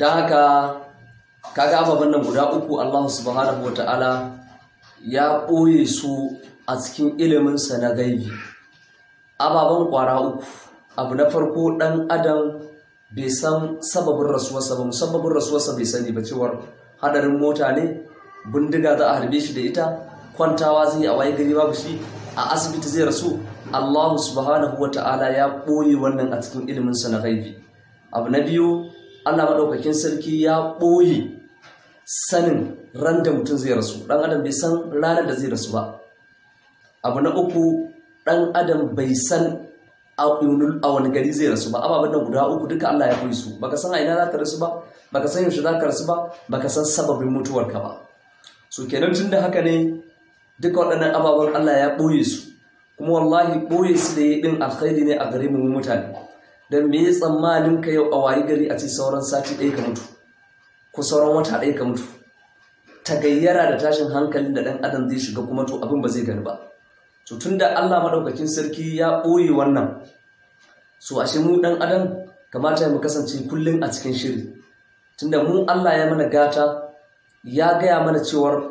don haka kaga ababen nan guda uku Allah subhanahu wa ta'ala ya ɓoye su a cikin iliminsa na gaibi ababen ƙwara uku abu na farko ɗan adam bai san sababin rasuwarsa ba musabbabin rasuwarsa bai sani ba cewar hadarin mota ne bindiga za a harbe shi da ita kwantawa zai a waye gari babu shi a asibiti zai rasu Allah subhanahu wa ta'ala ya ɓoye wannan a cikin iliminsa na gaibi abu na biyu Allah maɗaukakin sarki ya ɓoye sanin ran da mutum zai rasu ɗan adam bai san ranar da zai rasu ba abu na uku ɗan adam bai san a wani gari zai rasu ba ababen da guda uku duka Allah ya koyi su baka san a za ka rasu ba baka san yaushe za ka rasu ba baka san sababin mutuwar ka ba so kenan tun da haka ne duka waɗannan ababen Allah ya ɓoye su kuma wallahi ɓoye su da ya ɗin alkhairi ne a gare mu mutane don me ya tsammanin ka yau a wayi gari a ce sauran sati ɗaya ka mutu ko sauran wata ɗaya ka mutu ta gayyara da tashin hankalin da ɗan adam zai shiga kuma to abin ba zai gani ba to tunda Allah maɗaukakin sarki ya ɓoye wannan so ashe mu ɗan adam kamata mu kasance kullum a cikin shiri tunda mu Allah ya mana gata ya gaya mana cewar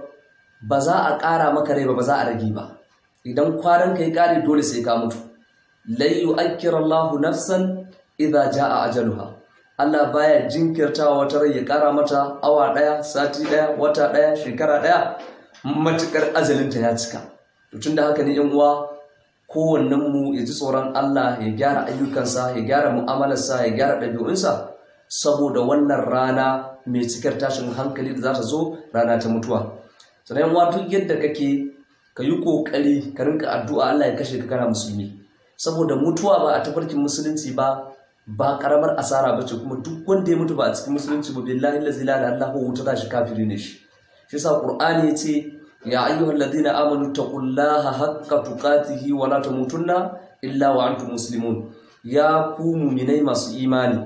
ba za a ƙara maka rai ba ba za a rage ba idan kwaranka ya ƙare dole sai ka mutu lai yu'akkirallahu nafsan idza jaa ajaluha Allah baya jinkirtawa wata rai ya kara mata awa ɗaya, sati ɗaya, wata ɗaya, shekara daya matukar ajalinta ya cika tun da haka ne yan uwa kowannen mu ya ji tsoron Allah ya gyara ayyukansa ya gyara mu'amalarsa ya gyara ɗabi'unsa saboda wannan rana mai cikar tashin hankali da za ta zo rana ta mutuwa sannan uwa, duk yadda kake ka yi kokari ka rinka addu'a Allah ya kashe ka kana musulmi saboda mutuwa ba a tafarkin musulunci ba ba karamar asara bace kuma duk wanda ya mutu ba a cikin musulunci ba billahi la ilaha illa wuta wuta shi kafiri ne shi shi yasa qur'ani yace ya ayyuhal ladina amanu taqullaha haqqa tuqatihi wa la tamutunna illa wa antum muslimun ya ku mu'minai masu imani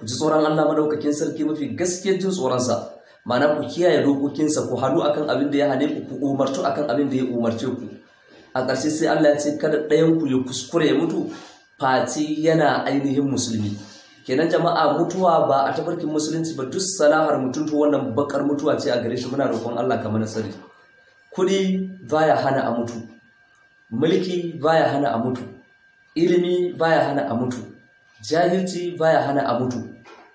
ku ji tsoron Allah madaukakin sarki mafi gaskiyar jin tsoron sa ma'ana ku kiyaye dokokin sa ku hannu akan abin da ya hane ku ku umartu akan abin da ya umarce ku a ƙarshe sai Allah ya ce kada ɗayan ku ya kuskure ya mutu fati yana ainihin musulmi kenan jama'a mutuwa ba a tafarkin musulunci ba duk salahar mutuntu wannan bakar mutuwa ce a gare shi muna roƙon Allah kamar nasari kuɗi baya hana a mutu mulki baya hana a mutu ilimi baya hana a mutu jahilci baya hana a mutu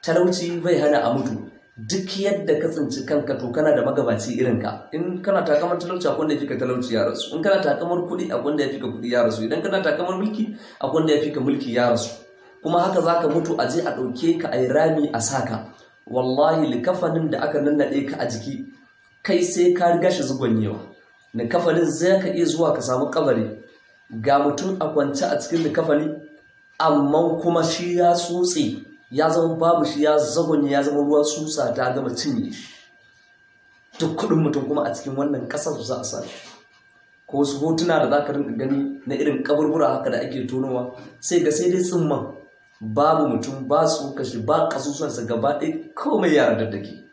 talauci bai hana a mutu duk yadda ka tsinci kanka to kana da magabaci irin ka in kana takamar talauci akwai wanda ya fika talauci ya rasu in kana takamar kuɗi akwai wanda ya fika kuɗi ya rasu idan kana takamar mulki akwai wanda ya fika mulki ya rasu kuma haka za ka mutu a je a ɗauke ka a yi rami a saka wallahi likafanin da aka nannaɗe ka a jiki kai sai ka riga shi zugonyewa likafanin zai ka iya zuwa ka samu kabari ga mutum a kwance a cikin likafani amma kuma shi ya tsutse ya zama babu shi ya zama ya zama ruwa susa ta gama cinye shi duk kudin mutum kuma a cikin wannan kasar za a sami ko wasu hotuna da za rinka gani na irin kaburbura haka da ake tonowa sai ga sai dai tsimman babu mutum ba su kashi ba sa gaba ɗaya komai yaran da take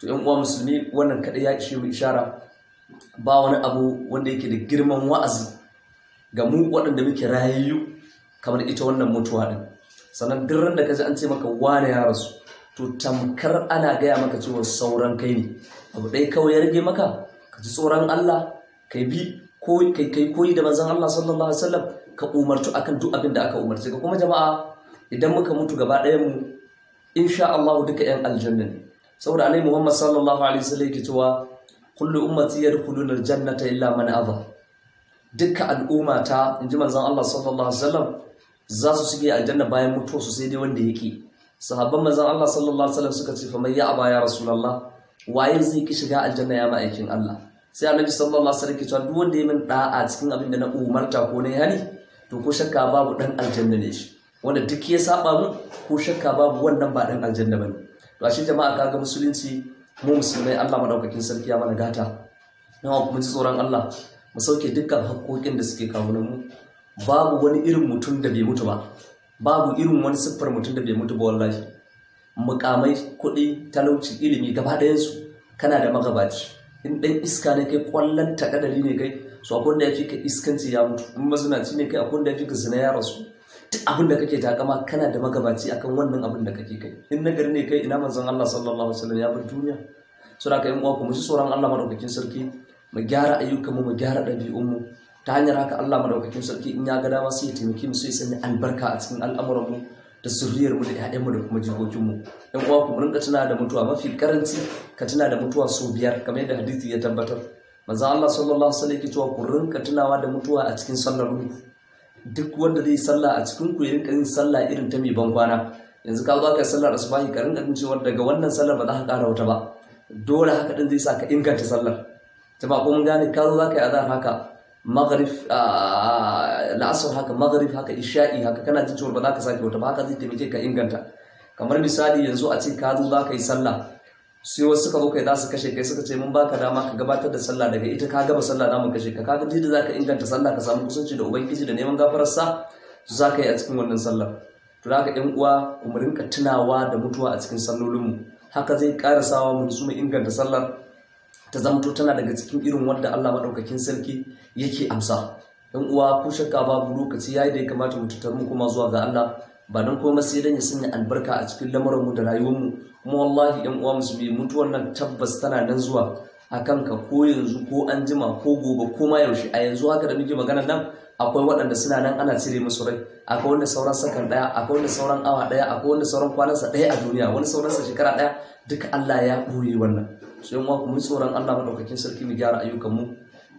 to yan uwa musulmi wannan kaɗai ya ishe ishara ba wani abu wanda yake da girman wa'azi ga mu waɗanda muke rayayyu kamar ita wannan mutuwa ne. sannan duk da kaji an ce maka wane ya rasu to tamkar ana gaya maka cewa sauran kai ne abu ɗaya kawai ya rage maka ka ji tsoron Allah ka bi ko kai koyi da manzon Allah sallallahu alaihi wasallam ka umarci akan duk abin da aka umarci ka kuma jama'a idan muka mutu gaba ɗayan mu insha Allah duka yan aljanna ne saboda Annabi Muhammad sallallahu alaihi wasallam yake cewa kullu ummati yadkhuluna aljannata illa man aba dukkan al'umma ta inji manzon Allah sallallahu alaihi wasallam za su shige aljanna bayan mutuwa su sai dai wanda yake sahabban manzon Allah sallallahu alaihi wasallam suka ce fa mai ya aba ya rasulullah waye zai ki shiga aljanna ya ma'aikin Allah sai annabi sallallahu alaihi wasallam ke cewa duk wanda ya min da'a cikin abin da na umarta ko na hali to ko shakka babu dan aljanna ne shi wanda duk ya saba mu ko shakka babu wannan ba dan aljanna bane to shi jama'a kaga musulunci mu musulmai Allah madaukakin sarki ya mana gata nawa kuma ji tsoron Allah mu sauke dukkan haƙoƙin da suke kawo mu babu wani irin mutum da bai mutu ba babu irin wani siffar mutum da bai mutu ba wallahi mukamai kuɗi talauci ilimi gaba ɗayansu kana da magabaci in ɗan iska ne kai ƙwallon takadari ne kai su akwai da ya fi ka iskanci ya mutu in mazinaci ne kai akwai da ya fi ka zina ya rasu duk abin da kake takama kana da magabaci akan wannan abin da kake kai in nagari ne kai ina manzon Allah sallallahu alaihi wasallam ya bar duniya so da ka yi uwa ku mu ji tsoron Allah madaukakin sarki mu gyara ayyukanmu mu gyara ɗabi'unmu. ta hanyar haka Allah madaukakin sarki in ya ga dama sai ya taimake mu sai ya albarka a cikin al'amuran mu da zuriyar mu da ƴaƴan mu da kuma jikokin mu ɗan uwa ku rinka tuna da mutuwa mafi karanci ka tuna da mutuwa so biyar kamar yadda hadisi ya tabbatar manzo Allah sallallahu alaihi wasallam yake cewa ku rinka tunawa da mutuwa a cikin sallar mu duk wanda zai sallah a cikin ku ya rinka yin sallah irin ta mai ban kwana yanzu ka zo ka sallar asubahi ka rinka cewa daga wannan sallar ba za ka ƙara wata ba dole haka din zai sa ka inganta sallar jama'a ko mun gane ka zo za ka yi azhar haka maghrif ah, la'asar haka maghrif haka isha'i haka kana jin cewa ba za ka sake wata ba haka zai taimake ka inganta kamar misali yanzu a ce ka zo za ka yi sallah sai wasu suka zo kai za su kashe kai suka ce mun baka dama ka gabatar da sallah daga ita ka gaba sallah namu kashe ka kaga da za ka inganta sallah ka samu kusanci da ubangiji da neman gafararsa su za ka yi a cikin wannan sallah to ka yan uwa mu rinka tunawa da mutuwa a cikin sallolinmu haka zai ƙara sawa mu su mu inganta sallar ta zamto tana daga cikin irin wanda Allah maɗaukakin sarki yake amsa in uwa ko shakka babu lokaci yayi da ya kamata mu tutar kuma zuwa ga Allah ba dan kuma sai dan ya sanya albarka a cikin lamarin mu da rayuwar mu kuma wallahi ɗan uwa musulmi mutuwar nan tabbas tana nan zuwa akan ka ko yanzu ko an jima ko gobe ko ma yaushe a yanzu haka da muke magana nan akwai waɗanda suna nan ana cire musu rai akwai wanda sauran sakan daya akwai wanda sauran awa ɗaya akwai wanda sauran kwanansa ɗaya a duniya wani sauransa shekara ɗaya duka Allah ya ɓoye wannan sai mu mun tsoron Allah madaukakin sarki mu gyara ayyukan mu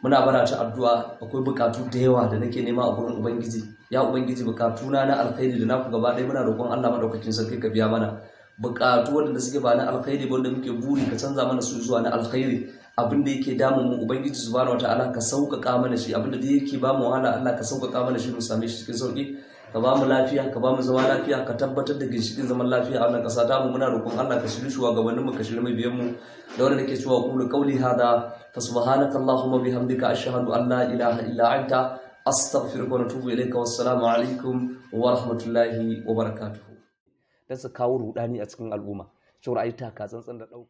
muna bara ta addu'a akwai bukatu da yawa da nake nema a gurin ubangiji ya ubangiji bukatu na na alkhairi da ku gaba ɗaya muna roƙon Allah madaukakin sarki ka biya mana bukatu wanda suke ba na alkhairi ba wanda muke buri ka canza mana su zuwa na alkhairi abin da yake damun mu ubangiji subhanahu wataala ka sauƙaƙa mana shi abin da yake ba mu wahala Allah ka sauƙaƙa mana shi mu same shi cikin sauƙi ka ba mu lafiya ka ba mu zama lafiya ka tabbatar da ginshikin zaman lafiya a wannan ƙasa ta mu muna roƙon Allah ka shiri shugabannin mu ka shiri biyan mu da wanda nake cewa qulu qawli hada fa subhanaka allahumma bihamdika ashhadu an la ilaha illa anta astaghfiruka wa atubu ilayka assalamu alaikum wa rahmatullahi wa barakatuh dan su kawo rudani a cikin al'umma cewa ai taka tsantsan da dauka